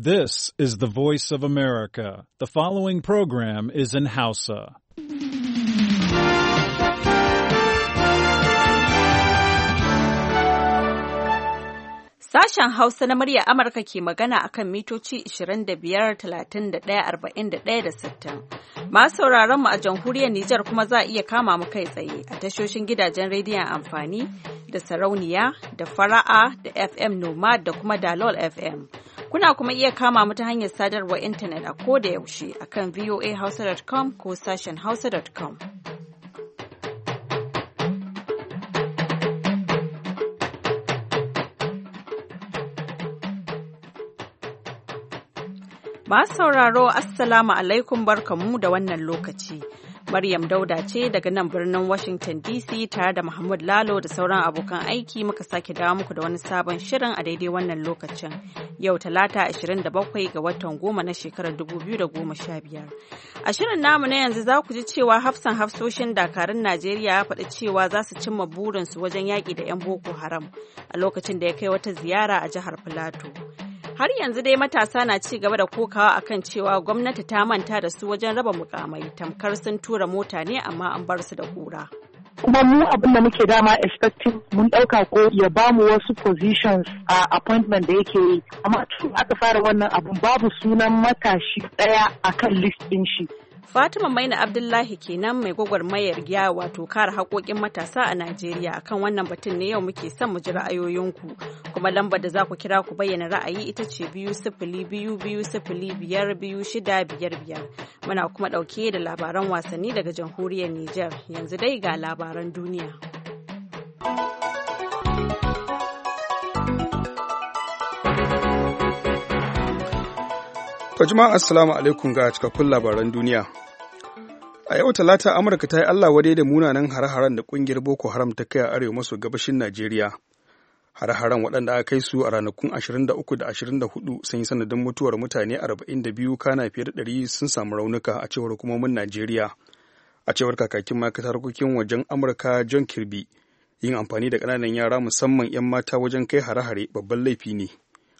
This is the voice of America. The following program is in Hausa. Sashen Hausa na murya Amurka ke magana akan mitoci 25-31-41-60. Masu sauraron mu a jamhuriyar Nijar kuma za a iya kama mu kai tsaye a tashoshin gidajen rediyon amfani da sarauniya da fara'a da FM Nomad da kuma Dalol FM. Kuna kuma iya kama mu ta hanyar sadarwar intanet a ko da yaushe a kan voahausa.com ko sashen hausa.com. Masu sauraro Assalamu alaikum barkamu da wannan lokaci. Maryam Dauda ce daga nan birnin Washington DC tare da Muhammad Lalo da sauran abokan aiki muka sake dawo muku da wani sabon shirin a daidai wannan lokacin. Yau talata 27 ga watan goma na shekarar 2015. A shirin namu na yanzu za ku ji cewa hafsan hafsoshin dakarun Najeriya ya faɗi cewa za su cimma burinsu wajen yaƙi da 'yan Boko Haram a lokacin da ya kai wata ziyara a jihar Filato. Har yanzu dai matasa na ci gaba da kokawa akan cewa gwamnati ta manta da su wajen raba mukamai tamkar sun tura mota ne amma an bar su da kura. kuma mu abin da muke dama expecting mun dauka ko ya ba mu wasu positions a appointment da yake yi amma tun aka fara wannan abun babu sunan matashi daya akan list din shi Fatima Maina Abdullahi kenan mai gwagwarmayar giya wato kare haƙoƙin matasa a Najeriya akan wannan batun ne yau muke son mu ji ra'ayoyinku kuma lambar da za ku kira ku bayyana ra'ayi ita ce biyu sifili biyu biyu sifili biyar biyu shida biyar biyar muna kuma ɗauke da labaran wasanni daga jamhuriyar Nijar yanzu dai ga labaran duniya. Kajima jama'a assalamu alaikum ga cikakkun labaran duniya. A yau Talata Amurka ta yi Allah wadai da munanan hare-haren da kungiyar Boko Haram ta kai a arewa maso gabashin Najeriya. Hare-haren waɗanda aka kai su a ranakun 23 da 24 sun yi sanadin mutuwar mutane 42 kana fiye da 100 sun samu raunuka a cewar hukumomin Najeriya. A cewar kakakin ma'aikatar harkokin wajen Amurka John Kirby, yin amfani da ƙananan yara musamman 'yan mata wajen kai hare-hare babban laifi ne.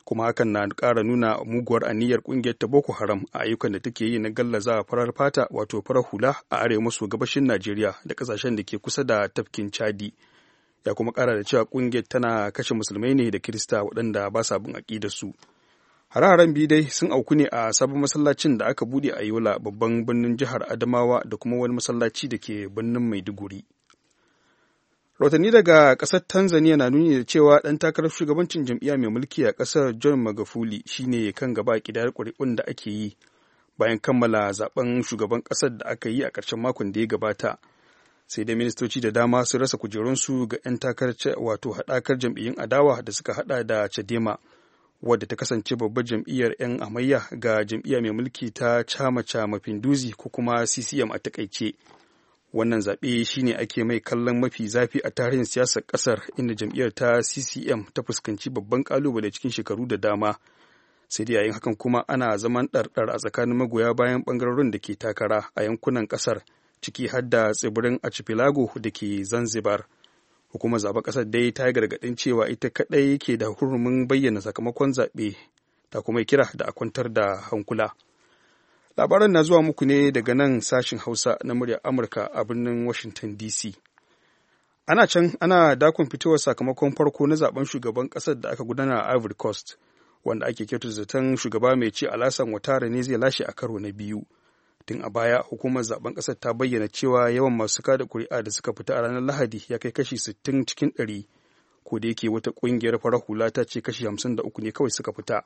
kuma hakan na ƙara nuna muguwar aniyar ƙungiyar ta boko haram a ayyukan da take yi na gallaza farar fata wato farar hula a arewa maso gabashin najeriya da ƙasashen da ke kusa da tafkin chadi ya kuma ƙara da cewa ƙungiyar tana kashe musulmai ne da kirista waɗanda ba sa bin aƙidar su hare-haren biyu dai sun auku ne a sabon masallacin da aka buɗe a yola babban birnin jihar adamawa da kuma wani masallaci da ke birnin maiduguri rahotanni daga ƙasar tanzania na nuni da cewa ɗan takarar shugabancin jam'iyya mai mulki a ƙasar john magafuli shine kan gaba ƙidayar kuri'un da ake yi bayan kammala zaben shugaban ƙasar da aka yi a ƙarshen makon da ya gabata sai dai ministoci da dama sun rasa kujerunsu ga 'yan takarar wato haɗakar jam'iyyun adawa da suka haɗa da chadema wadda ta kasance babbar jam'iyyar 'yan amayya ga jam'iyya mai mulki ta chama chama pinduzi ko kuma ccm a takaice wannan zaɓe shine ake mai kallon mafi zafi a tarihin siyasar ƙasar inda jam'iyyar ta ccm ta fuskanci babban ƙalubale cikin shekaru da dama sai dai yayin hakan kuma ana zaman ɗarɗar a tsakanin magoya bayan ɓangarorin da ke takara a yankunan ƙasar ciki har da tsibirin archipelago da ke zanzibar hukumar zaɓen ƙasar dai ta yi gargaɗin cewa ita kaɗai ke da hurumin bayyana sakamakon zaɓe ta kuma kira da a kwantar da hankula. labaran na zuwa muku ne daga nan sashin hausa na muryar amurka a birnin washington dc ana can ana dakon fitowar sakamakon farko na zaben shugaban kasar da aka gudana a ivory coast wanda ake kyautar zaton shugaba mai ci alasan watara ne zai lashe a karo na biyu tun a baya hukumar zaben kasar ta bayyana cewa yawan masu kada kuri'a da suka fita a ranar lahadi ya kai kashi sittin cikin ɗari ko da yake wata kungiyar farar hula ta ce kashi hamsin da uku ne kawai suka fita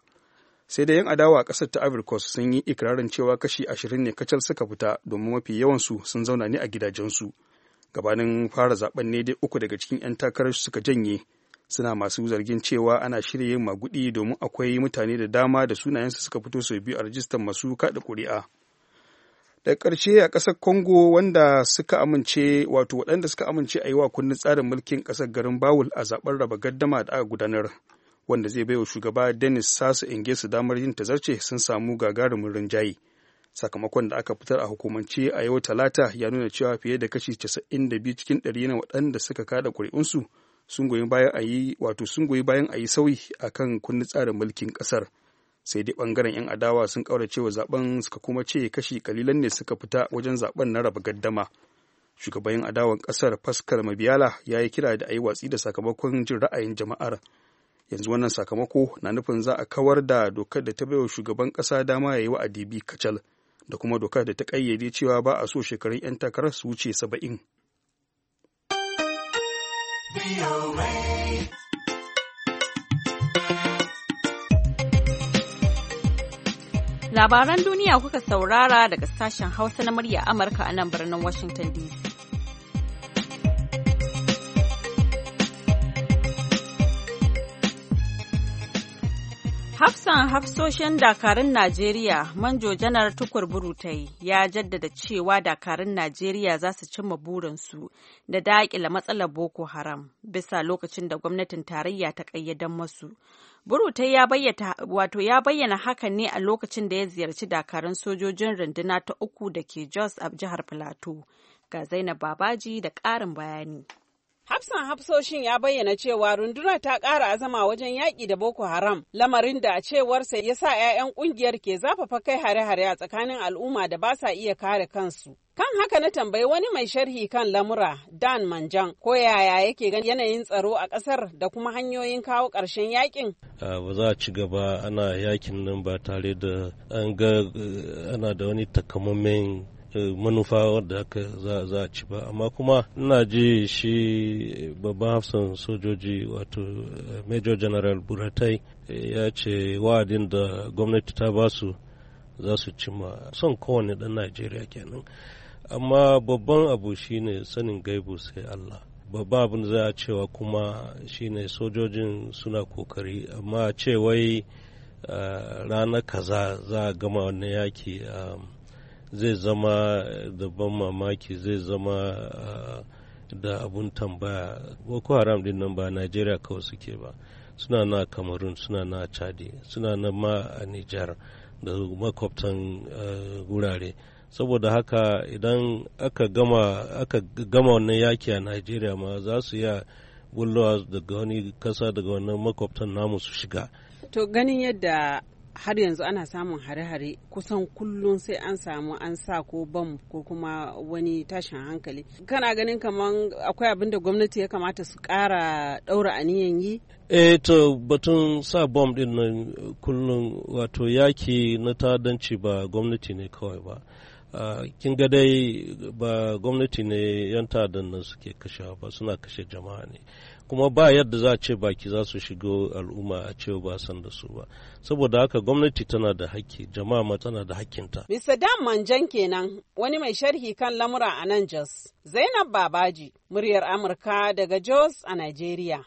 sai da yan adawa a ƙasar ta ivory coast sun yi ikirarin cewa kashi ashirin ne kacal suka fita domin mafi yawansu sun zauna ne a gidajensu gabanin fara zaben ne dai uku daga cikin 'yan takarar suka janye suna masu zargin cewa ana shirya yin maguɗi domin akwai mutane da dama da sunayensu suka fito sau biyu a rajistar masu kaɗa ƙuri'a da ƙarshe a ƙasar congo wanda suka amince wato waɗanda suka amince a yi wa kundin tsarin mulkin ƙasar garin bawul a zaɓen raba gaddama da aka gudanar wanda zai baiwa shugaba Denis Sassou Nguesso damar yin tazarce sun samu gagarumin rinjaye. Sakamakon da aka fitar a hukumance a yau Talata ya nuna cewa fiye da kashi 92 cikin 100 na waɗanda suka kada ƙuri'unsu sun goyi bayan a wato sun goyi bayan a yi sauyi kan kundin tsarin mulkin ƙasar. Sai dai ɓangaren 'yan adawa sun ƙaura wa zaben suka kuma ce kashi kalilan ne suka fita wajen zaben na raba gaddama. shugaban adawan ƙasar Pascal Mabiyala ya yi kira da a yi watsi da sakamakon jin ra'ayin jama'ar yanzu wannan sakamako na nufin za a kawar da dokar da ta baiwa shugaban kasa dama ya yi wa'adi bi kacal da kuma dokar da ta ƙayyade cewa ba a so shekarun 'yan takarar su wuce saba'in. Labaran duniya kuka saurara daga sashen Hausa na murya Amurka a nan birnin Washington DC. hafsoshin dakarun Najeriya manjo janar tukur burutai ya jaddada cewa dakarun Najeriya za su cimma burinsu da daƙila matsalar Boko Haram bisa lokacin da gwamnatin tarayya ta ƙayyadan masu. Burutai wato ya bayyana hakan ne a lokacin da ya ziyarci dakarun sojojin runduna ta uku da ke Jos a jihar Filato. Ga Zainab Babaji da ƙarin bayani. Hafsan hafsoshin ya bayyana cewa Runduna ta ƙara azama wajen yaƙi da Boko Haram, lamarin da a cewarsa ya sa 'ya'yan ƙungiyar ke zafafa kai hare-hare a tsakanin al'umma da ba sa iya kare kansu. Kan haka na tambayi wani mai sharhi kan lamura Dan Manjan ko yaya yake gan yanayin tsaro a ƙasar da kuma hanyoyin kawo ƙarshen yakin. Ba za a ci gaba ana yakin nan ba tare da an ga eh, ana da wani takamaiman manufa wadda aka za a ci ba amma kuma ina ji shi babban hafsan sojoji wato eh, major general buratai eh, ya ce wa'adin da gwamnati ta ba su za su ma son kowane dan najeriya kenan amma babban abu shine sanin gaibu sai allah babban abin za a cewa kuma shine sojojin suna kokari amma ce wai eh, rana kaza za a gama wannan yaki um, zai zama eh, da ban mamaki zai zama eh, da abun tambaya boko haram din nan ba najeriya kawai suke ba suna na cameroon suna na chadi suna na ma a nijar da makwabtan gurare eh, saboda haka idan aka gama aka gama wannan yaki a najeriya ma za su iya bullowa daga wani kasa daga wannan makwabtan namu su shiga to ganin yadda har yanzu ana samun hare-hare kusan kullum sai an samu an sa ko bam ko kuma wani tashin hankali kana ganin kamar akwai abin da gwamnati ya kamata su kara ɗaura aniyan yi eh to batun sa bom din nan kullum wato yaki na tadanci ba gwamnati ne kawai ba ah, kin ga dai ba gwamnati ne yan ta'addan nan suke kashe ba suna kashe jama'a ne kuma ba yadda za a ce baki za su shigo al'umma a ce ba san da su ba saboda haka gwamnati tana da haƙƙi, jama'a ma tana da ta. Mr. Dan Manjan kenan wani mai sharhi kan lamura a nan Jos. Zainab Babaji, muryar Amurka daga Jos a Najeriya.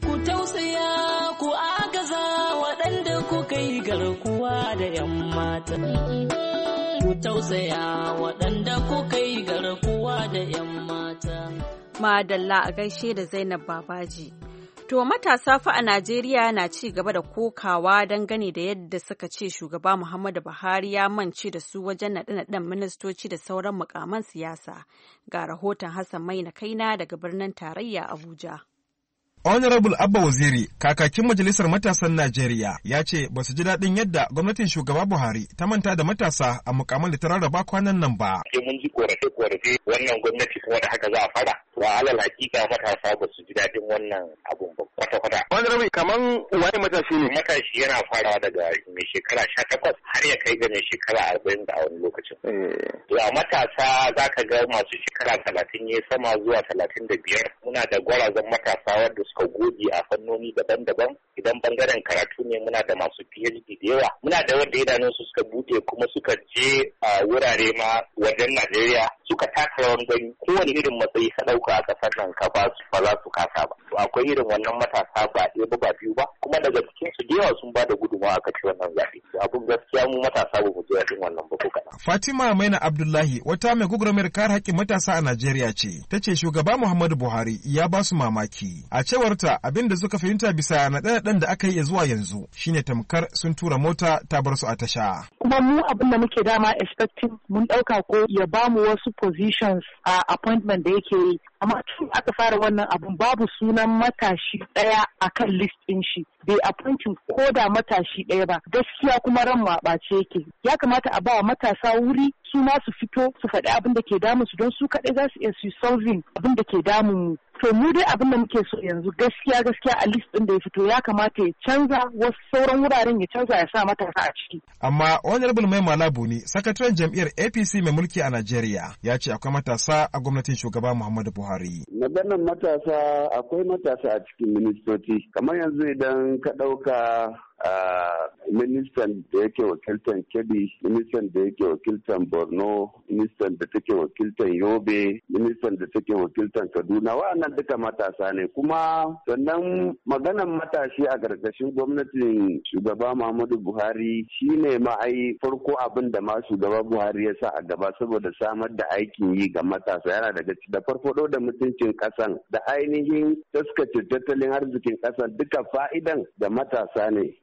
Ku tausaya ku agaza waɗanda kuka yi garkuwa da 'yan mata. tausaya waɗanda kuka yi garkuwa da 'yan mata. Madalla a gaishe da Zainab Babaji. To matasa fa a Najeriya na ci gaba da kokawa don gani da yadda suka ce shugaba Muhammadu Buhari ya mance da su wajen naɗe-naɗen ministoci da sauran mukaman siyasa. Ga rahoton Hassan Mai na kaina daga birnin tarayya Abuja. Honorable Abba Waziri, kakakin Majalisar Matasan Najeriya, ya ce ba su ji daɗin yadda gwamnatin shugaba Buhari ta manta da matasa a mukamman da ta rarraba kwanan nan ba. Mun ji korafe-korafe wannan gwamnati kuma da haka za a fara. Wa alal hakika matasa ba su ji daɗin wannan abun ba kwata-kwata. Honorable, kaman wani matashi ne? Matashi yana farawa daga mai shekara sha takwas har ya kai ga mai shekara arba'in da a wani lokacin. Wa eh. matasa za ka ga masu shekara talatin ne sama zuwa talatin da biyar muna da gwarazan matasa wadda suka goge a fannoni daban-daban idan bangaren karatu ne muna da masu PhD da yawa muna da wanda idanun su suka bude kuma suka je a wurare ma wajen Najeriya suka taka rawar gani kowane irin matsayi ka ɗauka a ƙasar nan ka ba su ba za su kasa ba to akwai irin wannan matasa ba ɗaya ba ba biyu ba kuma daga cikin su yawa sun ba da gudunmawa aka ci wannan zaɓe abun gaskiya mu matasa ba mu je wannan ba ko kaɗan. Fatima Maina Abdullahi wata mai gugurumar kare haƙƙin matasa a Najeriya ce ta ce shugaba Muhammadu Buhari ya ba su mamaki a cewarta abin da suka fahimta bisa naɗe ɗan da aka yi zuwa yanzu shine tamkar sun tura mota ta bar su a tasha. Kuma mu abin da muke dama expecting mun ɗauka ko ya ba mu wasu positions, uh, appointment, aka amma tun aka fara wannan abun babu sunan matashi ɗaya a kan list ɗin shi bai a appointing ko da matashi ɗaya ba gaskiya kuma ran ma ɓace yake ya kamata a bawa matasa wuri su ma su fito su faɗi abin da ke damun su don su kaɗai za su iya su solving abin da ke damun mu to mu dai abin da muke so yanzu gaskiya gaskiya a list din da ya fito ya kamata ya canza wasu sauran wuraren ya canza ya sa matasa a ciki amma honorable maima ne sakataren jam'iyyar apc mai mulki a najeriya ya ce akwai matasa a gwamnatin shugaba muhammadu buhari Buhari. Maganar matasa akwai matasa a cikin ministoci kamar yanzu idan ka ɗauka ministan da yake wakiltan kebbi ministan da yake wakiltan borno ministan da take wakiltan yobe ministan da take wakiltan kaduna wa'annan duka matasa ne kuma sannan maganan matashi a gargashin gwamnatin shugaba muhammadu buhari shine ma ai farko abin da ma shugaba buhari ya sa a gaba saboda samar da aikin yi ga matasa yana daga da farfado da mutuncin kasan da ainihin taskace tattalin arzikin kasan duka fa'idan da matasa ne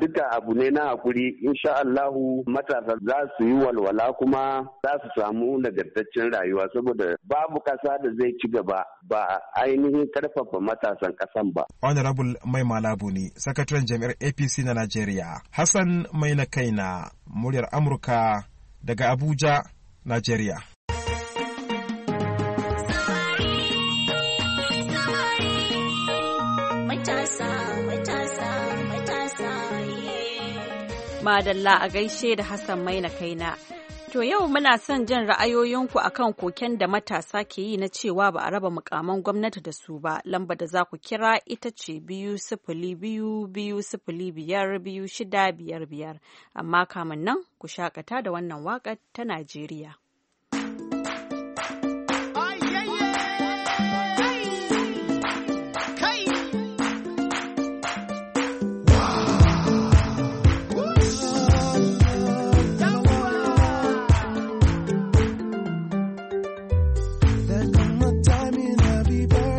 duka abu ne na hakuri insha Allahu matasa za su yi walwala kuma za su samu nagartaccen rayuwa saboda babu kasa da zai ci gaba ba ainihin karfafa matasan kasan ba. Honorable Mai Malabu ne sakataren jami'ar APC na Najeriya. Hassan Mai na kaina muryar Amurka daga Abuja, Najeriya. Madalla a gaishe da Hassan Maina kaina. To yau muna son jin ra'ayoyinku akan koken da matasa ke yi na cewa ba a raba mukaman gwamnati da su ba, lamba da za ku kira ita ce biyu sifili biyu biyu sifili biyar biyu shida biyar biyar. Amma kamin nan ku shakata da wannan waƙar ta Najeriya.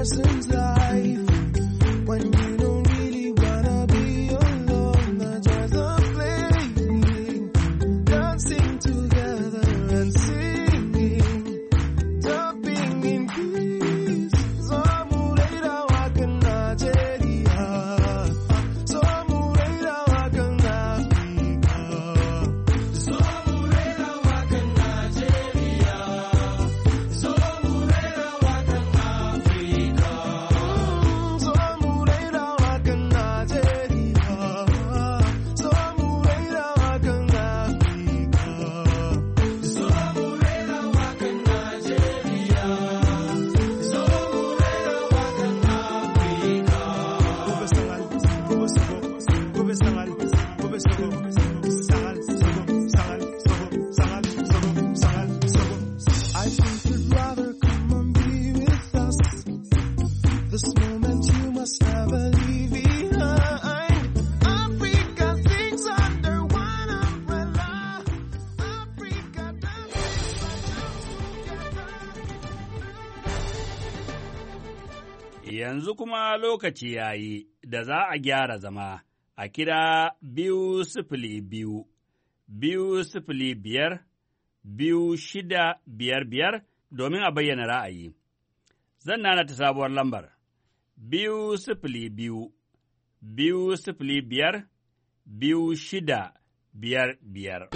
present kuma lokaci ya yi da za a gyara zama a kira biyu sifili biyu, biyu sifili biyar, biyu shida biyar biyar domin a bayyana ra'ayi. Zan nana ta sabuwar lambar, biyu sifili biyu, biyu sifili biyar, biyu shida biyar biyar.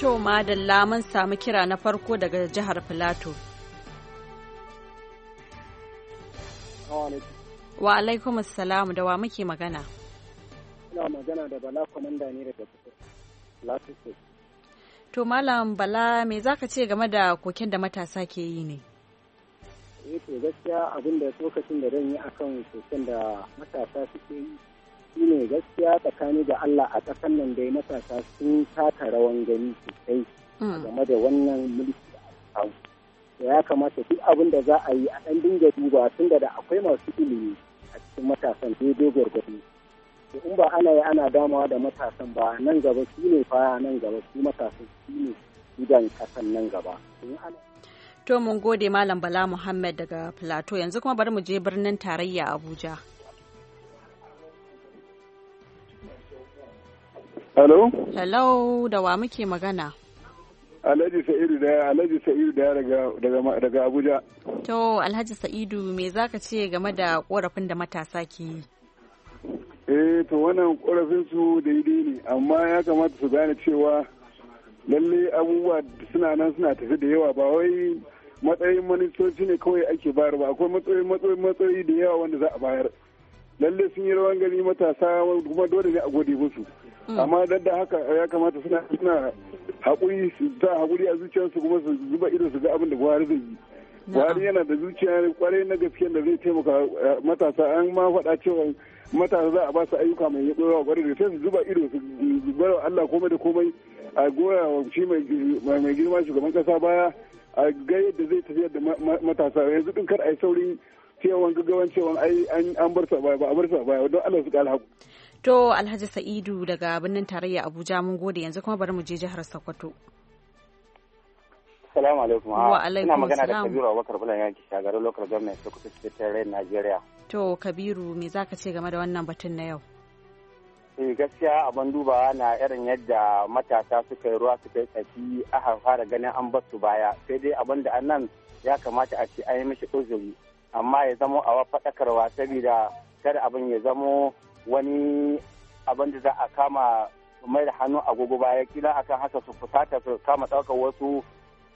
To, madalla mun samu kira na farko daga jihar Filato. Wa alaikum assalam da wa muke magana? Ina magana da Bala Kwamanda ne daga To Malam Bala me za ka ce game da koken da matasa ke yi ne? Eh to gaskiya abin da lokacin da zan yi akan koken da matasa suke yi shine gaskiya tsakani da Allah a ƙasan nan dai matasa sun taka rawan gani sosai mm. game da wannan mulki a da ya kamata duk abin da za a yi a ɗan dinga duba tun da akwai masu ilimi a cikin matasan daidai gwargwado to in ba ana yi ana damawa da matasan ba nan gaba su ne fa nan gaba su matasan su ne idan kasan nan gaba to mun gode malam bala muhammad daga plateau yanzu kuma bari mu je birnin tarayya abuja hello hello da wa muke magana Alhaji Sa'idu da Alhaji Sa'idu da daga Abuja. To Alhaji Sa'idu me zaka ce game da korafin da matasa ke yi? Eh to wannan korafin su daidai ne amma ya kamata su gane cewa lalle abubuwa suna nan suna tafi da yawa ba wai matsayin ministoci ne kawai ake bayar ba akwai matsayi matsayi matsayi da yawa wanda za a bayar lalle sun yi rawan gani matasa kuma dole ne a gode musu. Mm. amma da da haka ya kamata suna suna haƙuri su ta haƙuri a zuciyarsu kuma su zuba ido su ga abin da Buhari zai yi Buhari yana da zuciya kwarai na gaske da zai taimaka eh, matasa an ma faɗa cewa matasa za a ba su ayyuka mai yi ɗora kwarai da su zuba ido su gwara Allah komai da komai a goya wa shi mai girma shugaban kasa baya a ga yadda zai tafiyar da matasa yanzu din kar a yi saurin cewa gaggawan cewa an bar sa baya ba a bar sa baya don Allah su ƙara haƙuri. To Alhaji Sa'idu daga birnin tarayya Abuja mun gode yanzu kuma bari mu je jihar Sokoto. Salamu alaikum. Wa ah, alaikum Ina magana da Kabiru Abubakar Bulan yaki shagarin gwamnati government Sokoto State Tarayyar Najeriya. To Kabiru me zaka ce game da wannan batun na yau? Eh gaskiya abin duba na irin yadda matasa suka yi ruwa suka yi tsaki aka fara ganin an basu baya sai dai abin da annan ya kamata a ce an yi mishi uzuri amma ya zamo a faɗakarwa saboda kada abin ya zamo wani abin da za a kama mai da hannu agogo baya kila akan haka su fusata su kama ɗaukar wasu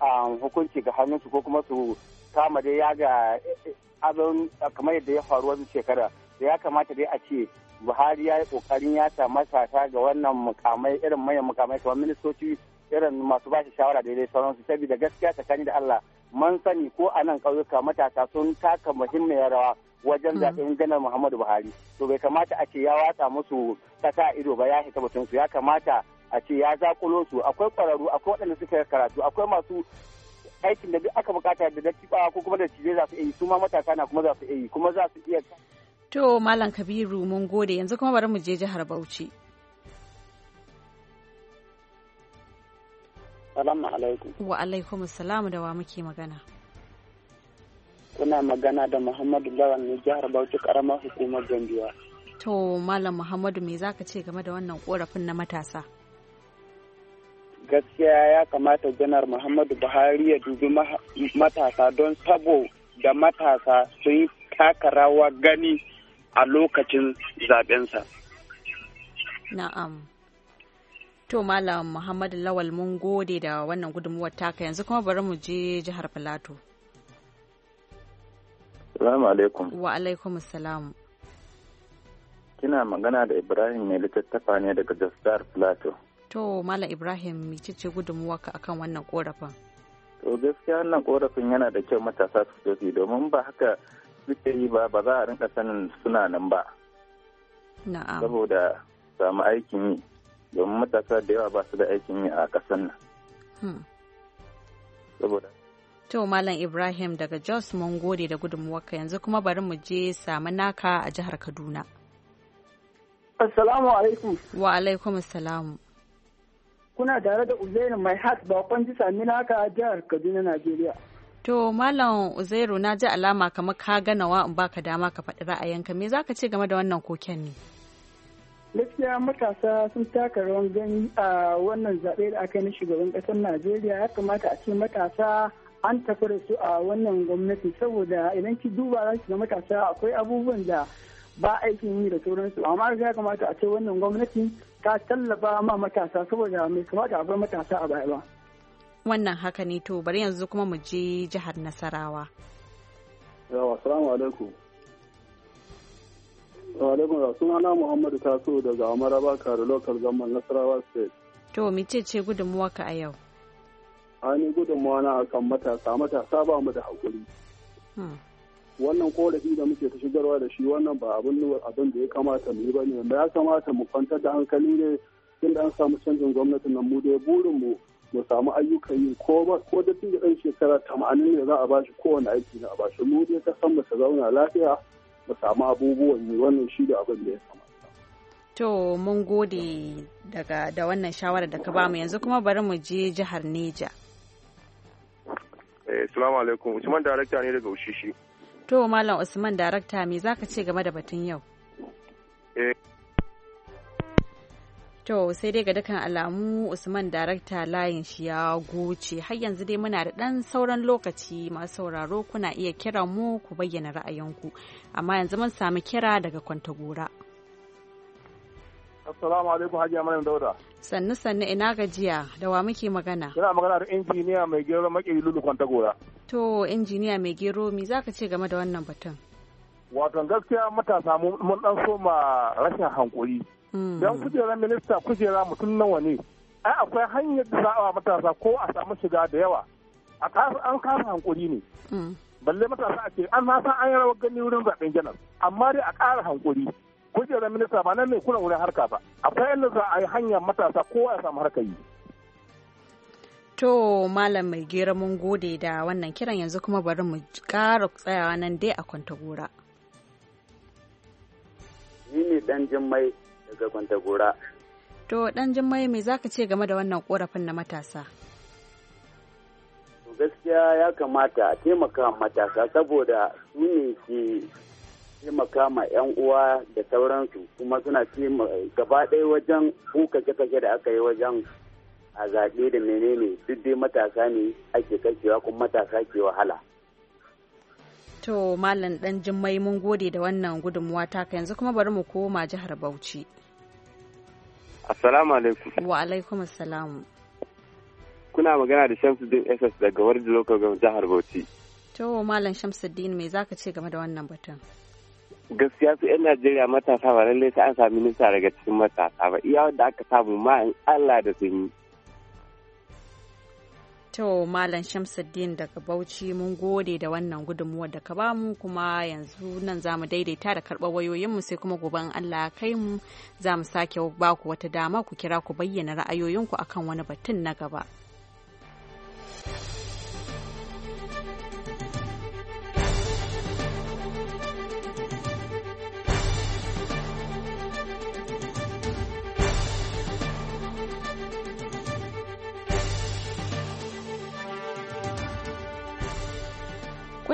um, hukunci ga hannunsu ko kuma su kama dai ya ga eh, eh, abin ah, kamar yadda ya faru wasu shekara da ya kamata dai a ce buhari ya yi kokarin ya samu sata ga wannan mukamai irin manyan mukamai kamar ministoci irin masu ba shi shawara daidai sauransu saboda gaskiya tsakani da allah man sani ko a nan ƙauyuka matasa sun taka muhimmiyar rawa wajen mm. zaɓen ganar muhammadu buhari to bai kamata a ce ya watsa musu kasa ido ba ya hita batun su ya kamata a ce ya zakulo su akwai ƙwararru akwai waɗanda suka karatu akwai masu aikin da aka bukata da ba ko kuma da cije za su yi su ma matasa na kuma za su yi kuma za su iya To Malam Kabiru mun gode yanzu kuma bari mu je jihar Bauchi. Salamu alaikum. Wa alaikum salamu da wa muke magana. Kuna magana da Muhammadu Lawan ne jihar Bauchi karamar hukumar Gambiya. To Malam Muhammadu me zaka ce game da wannan korafin na matasa? Gaskiya ya kamata janar Muhammadu Buhari ya dubi matasa don sabo da matasa sun taka rawa gani a lokacin zaɓensa. Na'am. To Malam Muhammad Lawal mun gode da wannan gudunmuwar taka yanzu kuma bari mu je jihar Filato. Salamu alaikum. Wa alaikum salam. Kina magana da Ibrahim mai littattafa ne daga Jihar Filato. To Malam Ibrahim gudunmuwar ka akan wannan korafin? To gaskiya wannan korafin yana da kyau matasa su tafi domin ba haka suke yi ba ba za a rinka sanin suna nan ba. Na'am. Saboda samu aikin yi. domin matasa da yawa ba su da aikin yi a ƙasar nan. Hmm. Saboda. To Malam Ibrahim daga Jos mun gode da gudunmuwarka yanzu kuma bari mu je samu naka a jihar Kaduna. Assalamu alaikum. Wa alaikum assalamu. Kuna tare da Uzairu mai hat bakon ji sami naka a jihar Kaduna Najeriya. To Malam Uzairu na ji alama kamar ka ganawa in baka dama ka faɗi ra'ayinka me zaka ce game da wannan koken ne? gaskiya matasa sun taka rawan gani a wannan zaɓe da aka yi na shugaban ƙasar najeriya ya kamata a ce matasa an tafi da su a wannan gwamnati saboda idan ki duba za ki ga matasa akwai abubuwan da ba aikin yi da sauransu amma ya kamata a ce wannan gwamnati ta tallafa ma matasa saboda mai kamata a bar matasa a baya ba. wannan haka ne to bari yanzu kuma mu je jihar nasarawa. yawa Alaikum sunana Muhammadu Taso daga Amaraba Kare Local zaman Nasarawa State. To mice ce ka a yau? Ani gudunmuwa na akan matasa matasa ba mu da haƙuri. Hmm. Wannan korafi da muke ta shigarwa da shi wannan ba abin abin da ya kamata mu yi ba ne ya kamata mu kwantar da hankali ne tun da an samu canjin gwamnatin nan mu dai burin mu mu samu ayyukan yi ko ba ko da tun da ɗan shekara tamanin ne za a bashi kowane aiki na a bashi mu dai ka san mu ta zauna lafiya mu samu abubuwan yi wannan shi da abin da ya sama. To mun gode daga da wannan shawarar da ka bamu yanzu kuma bari mu je jihar Neja. Eh, Salamu alaikum, Usman director ne daga Ushishi. To Malam Usman director me zaka ce game da batun yau? Eh, To sai dai ga dukkan alamu Usman darakta layin shi ya goce har yanzu dai muna da ɗan sauran lokaci masu sauraro kuna iya kira mu ku bayyana ra'ayinku amma yanzu mun samu kira daga Kwantagora. Assalamu alaikum Hajiya Maryam Dauda. Sannu sannu ina gajiya da wa muke magana? Kina magana da injiniya mai gero makeri lulu Kwantagora. To injiniya mai gero me zaka ce game da wannan batun? Wato gaskiya matasa mun dan soma rashin hankuri. Hmm. don kujerar minista kujera mutum nawa ne ai akwai hanyar da za matasa ko a samu shiga da yawa a an kasa hankuri ne hmm. balle matasa a ce an na an yi rawar gani wurin zaɓen janar amma dai a ƙara hankuri kujerar minista ba nan ne kuna wurin harka ba akwai yadda za a yi hanyar matasa ko a samu harka yi To Malam mai gera mun gode da wannan kiran yanzu kuma bari mu ƙara tsayawa nan dai a kwanta gora. Ni ne jin mai daga gora. To dan Jummai me zaka ce game da wannan korafin na matasa? to gaskiya ya kamata a taimaka matasa saboda su ne ke taimaka ma 'yan uwa da sauransu kuma suna gaba ɗaya wajen kuka kake da aka yi wajen a zaɓe da menene duk dai matasa ne ake kashewa kuma matasa ke wahala. To Malam dan Jummai mun gode da wannan gudunmuwa taka yanzu kuma bari mu koma jihar Bauchi. Assalamu alaikum. Wa alaikum assalam. Kuna magana da Shamsuddin SS daga Warji Local Government jihar Bauchi. To Malam Shamsuddin me zaka ce game da wannan batun? Gaskiya su 'yan Najeriya matasa ba lallai sai an sami nisa daga cikin matasa ba iya wanda aka samu ma'an Allah da sun yi. To Malam Shamsuddin daga Bauchi mun gode da wannan gudunmuwar da ka bamu kuma yanzu nan za mu daidaita da karɓar wayoyinmu sai kuma gobe in Allah kai mu za mu sake baku wata dama ku kira ku bayyana ra'ayoyinku akan wani batun na gaba.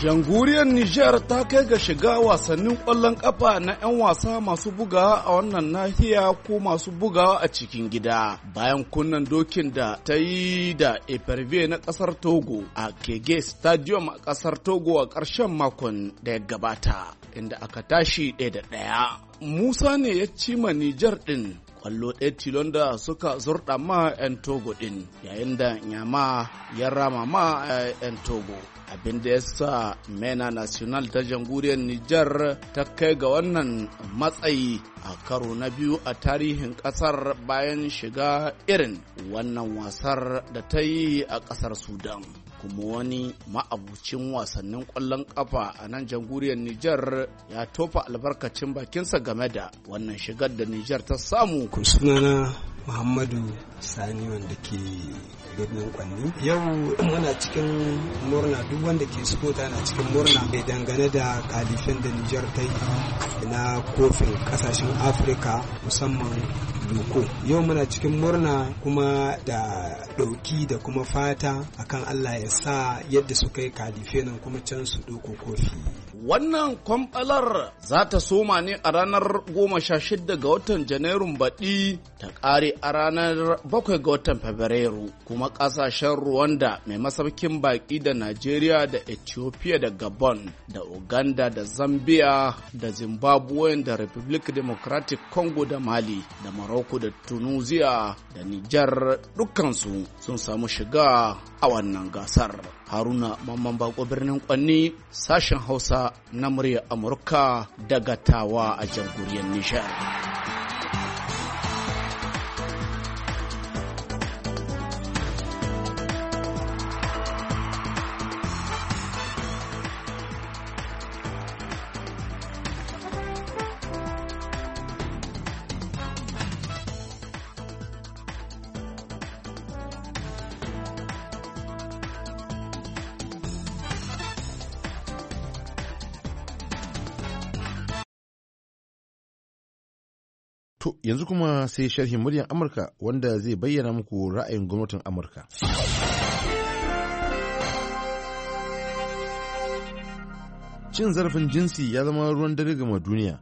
Janguriyar Nijar ta kai ga shiga wasannin ƙwallon ƙafa na 'yan wasa masu bugawa a wannan nahiya ko masu bugawa a cikin gida bayan kunnan dokin da ta yi da Epervier na ƙasar Togo a Kege Stadium a ƙasar Togo a ƙarshen makon da ya gabata inda aka tashi ɗaya da ɗaya. Musa ne ya ci ma Nijar ɗin kwallo ɗaya tilon da suka zurɗa ma 'yan Togo ɗin yayin da Nyama ya rama ma 'yan eh, Togo. abin da ya sa mena national ta jamhuriyar nijar ta kai ga wannan matsayi a karo na biyu a tarihin kasar bayan shiga irin wannan wasar da ta yi a kasar sudan kuma wani ma'abucin wasannin ƙwallon ƙafa a nan jamhuriyar Nijar ya tofa albarkacin bakinsa game da wannan shigar da Nijar ta samu. muhammadu sani wanda ke birnin kwanni yau muna cikin murna duk wanda ke sukota na cikin murna mai eh, dangane da kalifin da nijar ta yi na kofin kasashen afirka musamman luko yau muna cikin murna kuma da ɗauki da kuma fata akan allah ya sa yadda suka yi kalife kuma can su ɗauko kofi Wannan kwamfalar za ta soma ne a ranar 16 ga watan Janairun baɗi ta ƙare a ranar 7 ga watan Fabrairu kuma ƙasashen Rwanda mai masaukin baƙi da Nigeria da Ethiopia da Gabon da Uganda da Zambia da Zimbabwe da Republic Democratic Congo da Mali da Morocco da Tunisia da Niger dukkansu sun samu shiga a wannan gasar. haruna mamman bako birnin kwanni sashen hausa na murya amurka daga tawa a jamhuriyar nishar To yanzu kuma sai sharhin muryar Amurka wanda zai bayyana muku ra'ayin gwamnatin Amurka. Cin zarafin jinsi ya zama ruwan dare gama duniya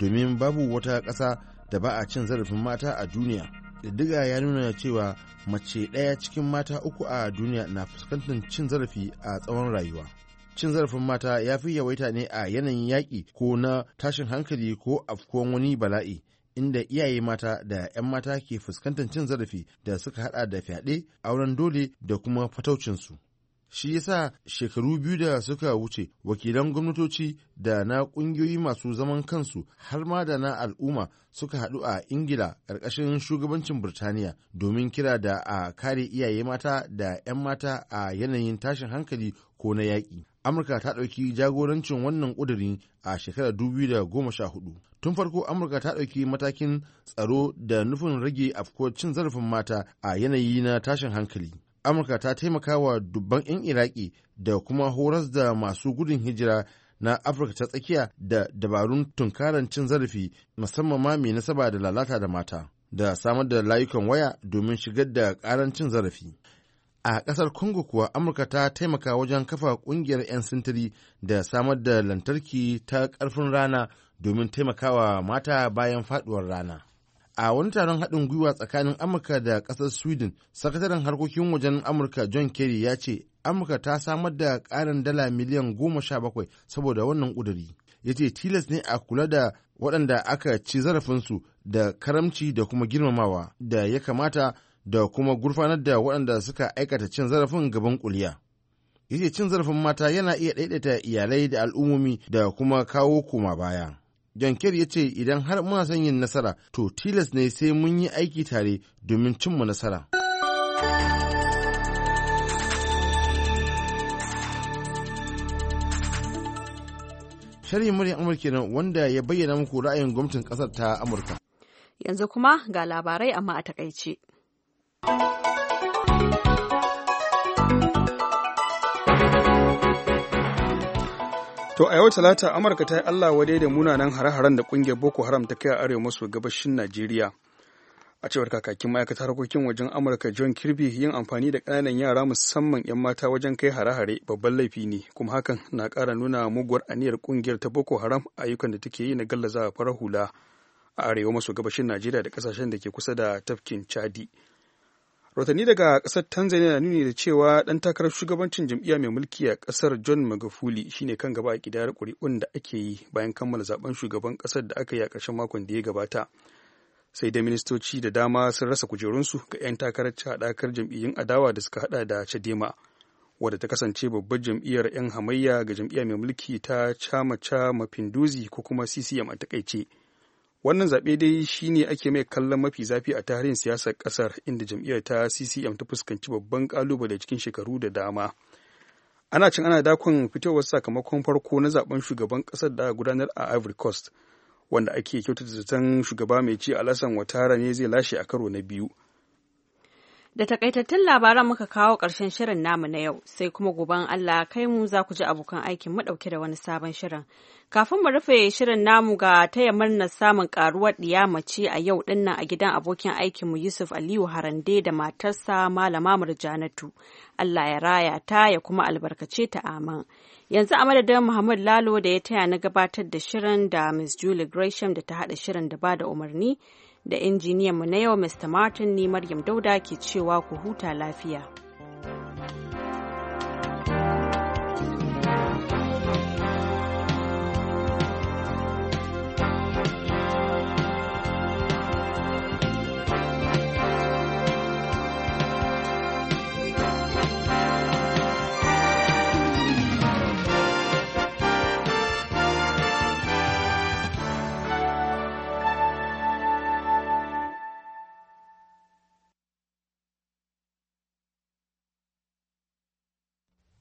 domin babu wata ƙasa da ba a cin zarafin mata a duniya. Diddiga ya nuna cewa mace ɗaya cikin mata uku a duniya na fuskantar cin zarafi a tsawon rayuwa. cin zarafin mata ya fi yawaita ne a yanayin yaƙi ko na tashin hankali ko afkuwan wani bala'i inda iyaye mata da 'yan mata ke fuskantar cin zarafi da suka hada da fyaɗe auren dole da kuma fataucinsu shi yasa shekaru biyu da suka wuce wakilan gwamnatoci da na ƙungiyoyi masu zaman kansu har ma da na al'umma suka haɗu a ingila ƙarƙashin shugabancin birtaniya domin kira da a kare iyaye mata da 'yan mata a yanayin tashin hankali ko na yaƙi. Amurka ta ɗauki jagorancin wannan ƙuduri a shekarar hudu Tun farko Amurka ta ɗauki matakin tsaro da nufin rage afkuwar cin zarafin mata a yanayi na tashin hankali. Amurka ta taimaka wa dubban 'yan Iraki da kuma horas da masu gudun hijira na Afirka ta tsakiya da dabarun tunkaran cin zarafi musamman ma mai nasaba da lalata da mata. da samar da layukan waya domin shigar da karancin zarafi. A ƙasar Congo kuwa Amurka ta taimaka wajen kafa ƙungiyar 'yan sintiri da samar da lantarki ta karfin rana domin taimakawa mata bayan faduwar rana. a wani taron haɗin gwiwa tsakanin amurka da ƙasar sweden sakataren harkokin wajen amurka john kerry ya ce amurka ta samar da ƙarin dala miliyan goma sha bakwai saboda wannan ƙuduri ya ce tilas ne a kula da waɗanda aka ci zarafinsu da karamci da kuma girmamawa da ya kamata da kuma gurfanar da waɗanda suka aikata cin zarafin gaban kuliya. yace cin zarafin mata yana iya ɗaiɗata iyalai da al'ummomi da kuma kawo kuma baya. John Kerry ya ce idan har muna son yin nasara to tilas ne sai mun yi aiki tare domin cimma nasara. Sharhin muryar Amurka nan wanda ya bayyana muku ra'ayin gwamnatin ƙasar ta Amurka. Yanzu kuma ga labarai amma a takaice. To a yau talata Amurka ta yi Allah wa da munanan hare-haren da kungiyar Boko Haram ta kai a arewa maso gabashin Najeriya. A cewar kakakin ma'aikatar harkokin wajen Amurka John Kirby yin amfani da ƙananan yara musamman 'yan mata wajen kai hare-hare babban laifi ne kuma hakan na ƙara nuna muguwar aniyar ƙungiyar ta Boko Haram ayyukan da take yi na gallaza farar hula a arewa maso gabashin Najeriya da ƙasashen da ke kusa da tafkin Chadi. rotanni daga kasar tanzania na nuni da cewa dan takarar shugabancin jam'iyya mai mulki a kasar john magufuli shine kan gaba a kidayar kuri'un da ake yi bayan kammala zaben shugaban kasar da aka yi a ƙarshen makon da ya gabata sai dai ministoci da dama sun rasa kujerunsu ga 'yan takarar haɗakar jam'iyyun adawa da suka hada da chadema wadda ta kasance babbar jam'iyyar 'yan hamayya ga jam'iyya mai mulki ta chama chama pinduzi ko kuma ccm a takaice wannan zaɓe dai shi shine ake mai kallon mafi zafi a tarihin siyasar ƙasar inda jam'iyyar ta ccm ta fuskanci babban ƙalubale cikin shekaru da dama ana cin ana dakon fitowar sakamakon farko na zaben shugaban ƙasar da gudanar a ivory coast wanda ake kyautata zaton shugaba mai ci alasan watara ne zai lashe a karo na biyu Da takaitattun labaran muka kawo ƙarshen shirin namu na yau, sai kuma goban Allah kai mu za ku ji abokan aikin mu ɗauke da wani sabon shirin. Kafin mu rufe shirin namu ga taya murnar samun karuwar mace a yau dinnan a gidan abokin aikin mu Yusuf Aliyu Harande da matarsa Malama Murjanatu. Allah ya raya ta ya kuma albarkace ta amin. Yanzu a madadin Muhammad Lalo da ya taya na gabatar da shirin da Miss Julie Gresham da ta haɗa shirin da ba da umarni. Da injiniyanmu na yau Mr. Martin ne Maryam Dauda ke cewa ku huta lafiya.